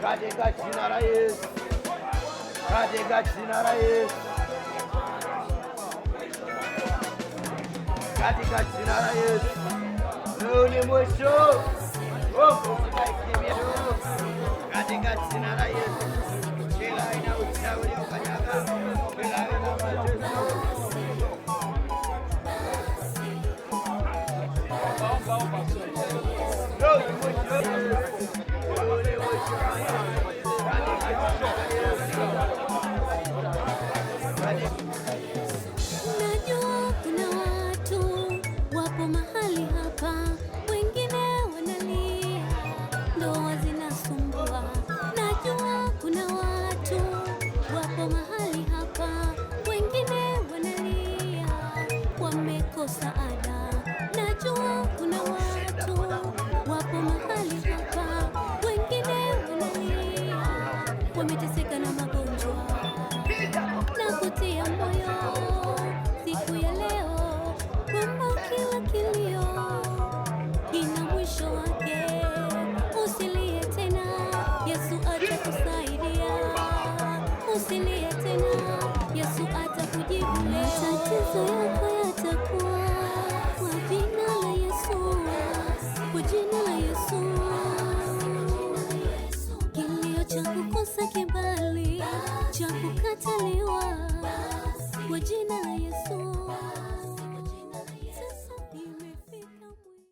Cadê Gatina Raiz? Cadê Gatina Raiz? Cadê Gatina Raiz? Meu limoeiro! Ô, oh, Najua kuna watu wapo mahali hapa, wengine wanalia, ndoa zinasumbua. Najua kuna watu wapo mahali hapa, wengine wanalia, wamekosa wameteseka na magonjwa na kutia moyo siku ya leo, kwamba kila kilio kina mwisho wake. Usilie tena, Yesu atakusaidia. Usilie tena, Yesu atakujibu leo matatizo yako kukosa kibali cha kukataliwa kwa jina la Yesu.